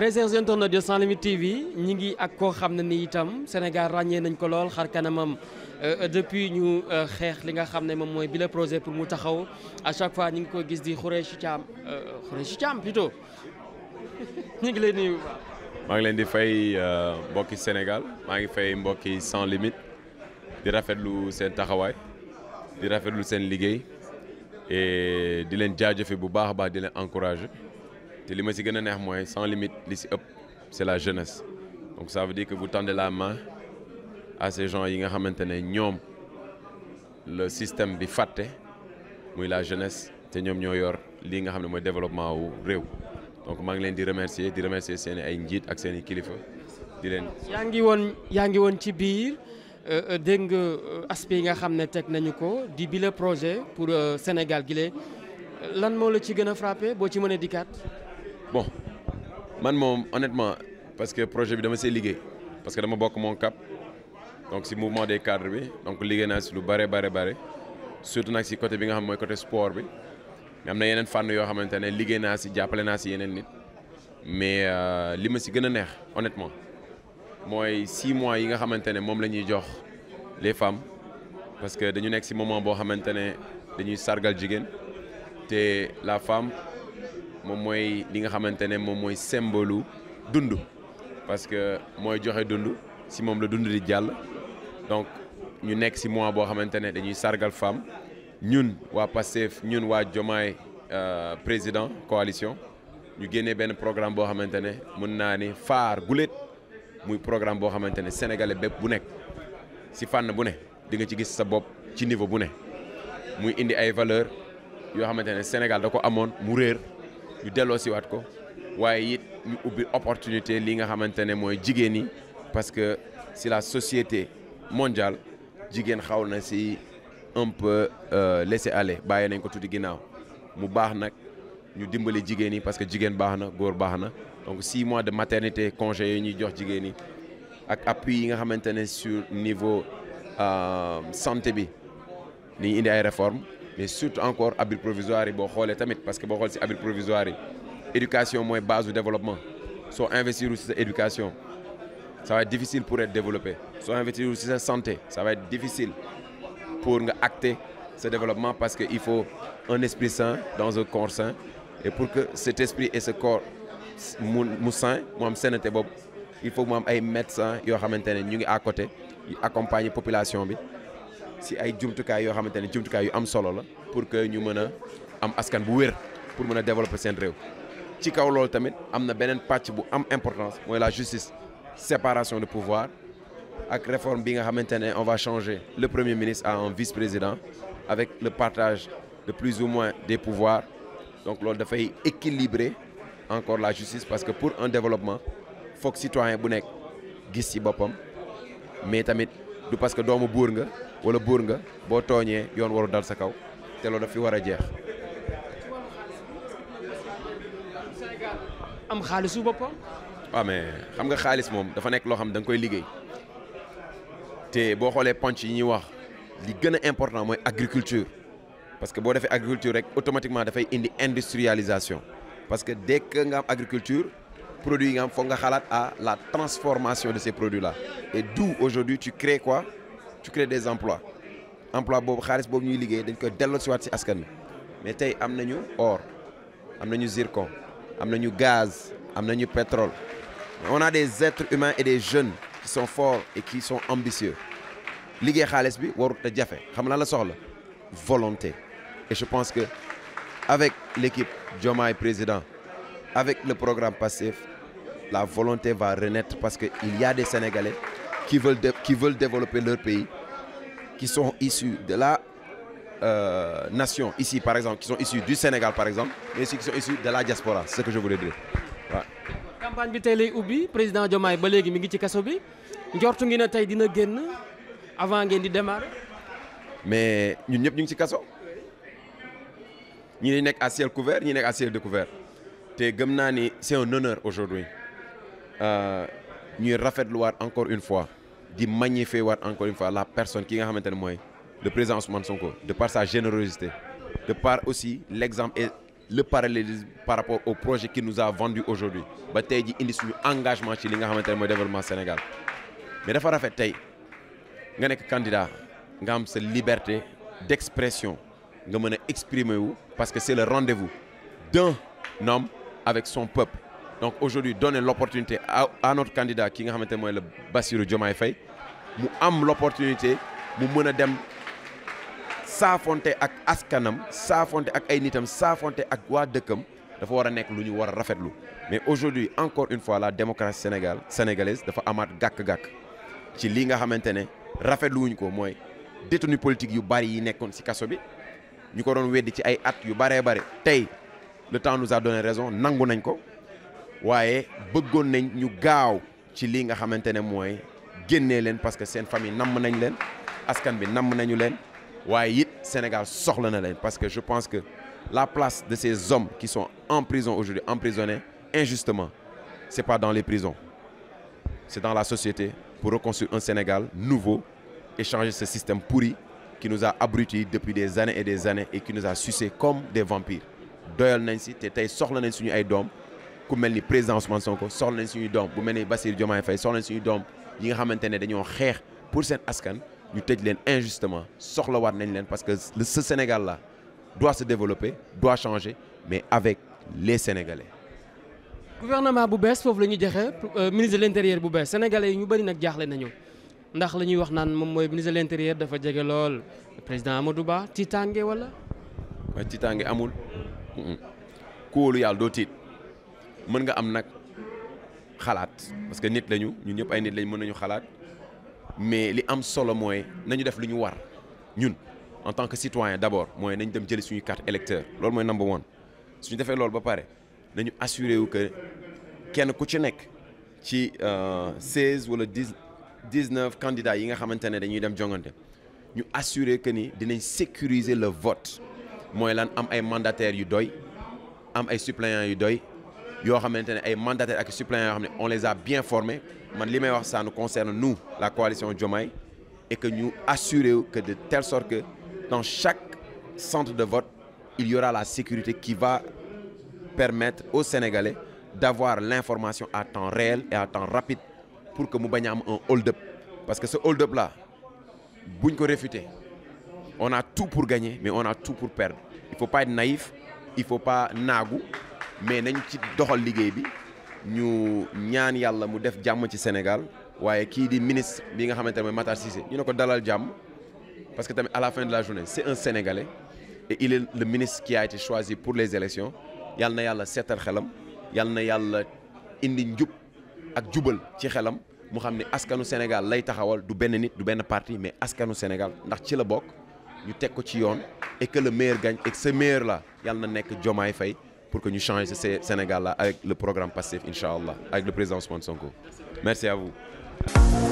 très chers internautes de Sans Limites TV ñi ngi ak koo xam ne ni itam Sénégal ràññee nañ ko lool xar kanamam euh, depuis ñu euh, xeex li nga xam ne moom mooy bi le projet pour mu taxaw à chaque fois ñu ngi ko gis di Khoureyssi Thiam euh, Khoureyssi Thiam plutôt ñu ngi leen nuyu. maa ngi leen di fay mbokki Sénégal maa ngi fay mbokki Sans Limites di rafetlu seen taxawaay di rafetlu seen liggéey e di leen jaajëfe bu baax a baax di leen encourager. te li ma ci gën a neex mooy sans limite li si ëpp c'est la jeunesse donc ça veut dire que vous tendez la main à ces yi nga xamante ne ñoom le système bi fàtte muy la jeunesse te ñoom ñoo yor lii nga xam ne mooy développement wu réew donc maa ngi leen di remercier di remercier seen i ay njiit ak seen i kilifa di leen. yaa ngi woon yaa ngi woon ci biir euh, euh, dégg nga euh, yi nga xam ne teg nañu ko di bile projet pour Sénégal gi lan moo la ci gën a frappé boo ci mënee dikkaat. man moom honnêtement parce que projet bi dama see liggéey parce que dama bokk moom cap donc si mouvement des cadres bi donc liggéey naa si lu bare bare bare surtout nag si côté bi nga xam mooy côté sport bi mais am na yeneen fànn yoo xamante ne liggéey naa si jàppale naa si yeneen nit mais euh, li ma si gën a neex honnêtement mooy six mois yi nga xamante ne moom la ñuy jox les femmes parce que dañu nekk si moment boo xamante ne dañuy sargal jigéen te la femme moom mooy li nga xamante ne moom mooy symbole dund parce que mooy joxe dund si moom la dund di jàll donc ñu nekk si mois boo xamante ne dañuy sargal femme ñun waa Pastef ñun waa Jomaay euh, président coalition ñu génnee benn programme boo xamante ne mën naa ni faar guléet muy programme boo xamante ne sénégalais bépp bu nekk si fànn bu ne di nga ci gis sa bopp ci niveau bu ne muy indi ay valeur yoo xamante ne Sénégal da ko amoon mu réer ñu siwaat ko waaye it ñu ubbi opportunité li nga xamante ne mooy jigéen ñi parce que si la société mondial jigéen xaw na si un peu euh, laisser aller bàyyi nañ ko tuuti ginnaaw mu baax nag ñu dimbali jigéen ñi parce que jigéen baax na góor baax na donc six mois de maternité congé yooyu ñuy jox jigéen ñi ak appui yi nga xamante ne sur niveau euh, santé bi ni indi ay réformes mais surtout encore abri provisoire yi boo xoolee tamit parce que boo xool si abri provisoire yi éducation mooy base du développement soo investir si sa éducation ça va être pour être développé soo investir si sa santé ça va être pour nga acter ce développement parce que il faut un esprit sain dans un corps sain et pour que cet esprit et ce corps mu mu moom mu boobu il faut mu am ay médecins yoo xamante ne ñu ngi à côté accompagner population bi si ay jumtukaay yoo xamante ne jumtukaay yu am solo la pour que ñu mën a am askan bu wér pour mën a développer seen réew ci kaw loolu tamit am na beneen pàcc bu am importance mooy la justice séparation de pouvoir ak réforme bi nga xamante ne on va changer le premier ministre à un vice-président avec le partage de plus ou moins des pouvoirs donc loolu dafay équilibrer encore la justice parce que pour en développement foog citoyen bu nekk gis ci boppam mais tamit du parce que doomu buur nga wala buur nga boo tooñee yoon waru dal sa kaw te loolu daf fi war a jeex. am xaalisu boppam. waaw ah, xam nga xaalis moom dafa nekk loo xam da nga koy liggéey te boo xoolee ponc yi ñuy wax li gën a important mooy agriculture parce que boo defee agriculture rek automatiquement dafay indi industrialisation parce que nga am agriculture. produits yi nga foog nga xalaat à la transformation de ces produits là et d'où aujourd'hui tu crées quoi tu crées des emplois emploi boobu xaalis boobu ñuy liggéey dañ koy delloo siwaat si askan wi mais tey am nañu or am nañu zircon am nañu gaz am nañu pétrole on a des êtres humains et des jeunes qui sont forts et qui sont ambitieux liggéey xaalis bi warut a jafe xam lan la soxla volonté et je pense que avec l'équipe jomaay président avec le programme PASTEF, la volonté va renaître parce que y a des Sénégalais qui veulent, qui veulent développer leur pays, qui sont issus de la euh, nation, ici par exemple, qui sont issus du Sénégal par exemple, mais aussi qui sont issus de la diaspora, c'est ce que je voulais dire. campagne bi tey lay ubbi président Diomaye ba léegi mi ngi ci kaso bi njortu ngi ne tey dina génn avant ngeen di démarrer. mais ñun ñëpp ñu ngi ci kaso ñi nekk à ciel couvert ñi nekk à ciel découvert. te gëm naa ni c'est un honneur aujourd'hui euh, ñuy rafetluwaat encore une fois di magnifier waat encore une fois la personne ki nga xamante ne mooy le président Ousmane Sonko de par sa générosité de par aussi l'exemple et le parallélisme par rapport au projet qui nous a vendu aujourd'hui ba tey ji indi suñu engagement ci li nga xamante ne mooy développement Sénégal mais dafa rafet tey nga nekk candidat nga am sa liberté d'expression nga mën a exprimer wu parce que c'est le rendez-vous d'un avec son peuple donc aujourd'hui donner l'opportunité à, à notre candidat ki nga xamante mooy le Bassirou Diomaye Faye mu am l'opportunité mu mën a dem saafonte ak askanam saafonte ak ay nitam saafonte ak waa dëkkam dafa war a nekk lu ñu war a rafetlu mais aujourd'hui encore une fois la démocratie sénégal sénégalaise dafa amaat gàkk-gàkk ci li nga xamante ne rafetluwuñ ko mooy détenu politique yu bari yi nekkoon ci kaso bi ñu ko doon weddi ci ay at yu baree bare tey le temps nous a donné raison nangu nañ ko waaye bëggoon nañ ñu gaaw ci lii nga xamante ne mooy génnee leen parce que seen famille namm nañ leen askan bi namm nañu leen waaye it Sénégal soxla na leen parce que je pense que la place de ces hommes qui sont en prison aujourd'hui emprisonnés injustement c'est pas dans les prisons c'est dans la société pour reconstruire un Sénégal nouveau et changer ce système pourri qui nous a abrutis depuis des années et des années et qui nous des vampires doyal nañ si te tey soxla nañ suñu ay doom ku mel ni président Ousmane Sonko soxla nañ suñu doom bu mel ni Bassirou Diomaye fay soxla nañ suñu doom yi nga xamante ne dañoo xeex pour seen askan ñu tëj leen injustement soxlawaat nañ leen parce que sa Sénégal la doit se développer doit changer mais avec les Sénégalais. gouvernement bu bees foofu la ñuy joxe euh, ministre de l'intérieur bu bees sénégalais yi ñu bëri nag jaaxle nañu ndax la ñuy wax naan moom mooy ministre de l'intérieur dafa jege lool président Amadou Ba tiitaange wala. waaye tiitaange amul. ku wóolu yàlla doo tiit mën nga am nag xalaat parce que nit lañu ñu ñëpp ay nit lañ mën nañu xalaat mais li am solo mooy nañu def lu ñu war ñun en tant que citoyen d'abord mooy nañ dem jëli suñu carte électeur loolu mooy number one suñu defee loolu ba pare nañu assuré wu que kenn ku ci nekk ci euh, seize wala dix dix neuf candidats yi nga xamante ne dañuy dem jongante ñu assuré que ni dinañ sécuriser le vote mooy lan am ay mandataires yu doy am ay suppléants yu doy yoo xamante ne ay mandataires ak suppléants yoo xam ne on les a bien formés man li may wax ça nous concerne nous la coalition Diomaye et que ñu assurer que de telle sorte que dans chaque centre de vote il y aura la sécurité qui va permettre aux Sénégalais d'avoir l'information à temps réel et à temps rapide pour que mu bañ a am un hold-up parce que ce hold-up là buñ ko réfuter on a tout pour gagner mais on a tout pour perdre il faut pas être il faut pas naagu mais nañ ci doxal liggéey bi ñu ñaan yàlla mu def jàmm ci Sénégal waaye kii di ministre bi nga xamante ne mooy Matar Cissé ñu ne ko dalal jàmm parce que tamit à la fin de la journée c'est un Sénégalais et il est le ministre qui a été choisi pour les élections yàlla na yàlla seetal xelam yàlla na yàlla indi njub ak jubal ci xelam mu xam ne askanu Sénégal lay taxawal du benn nit du benn parti mais askanu Sénégal ndax ci la bokk ñu teg ko ci yoon et que le meilleur gagne et que ce meilleur là yàlla na nekk Diomaye Faye pour que ñu change ce Sénégal là avec le programme Pastef incha allah avec le président Ousmane Sonko merci à vous.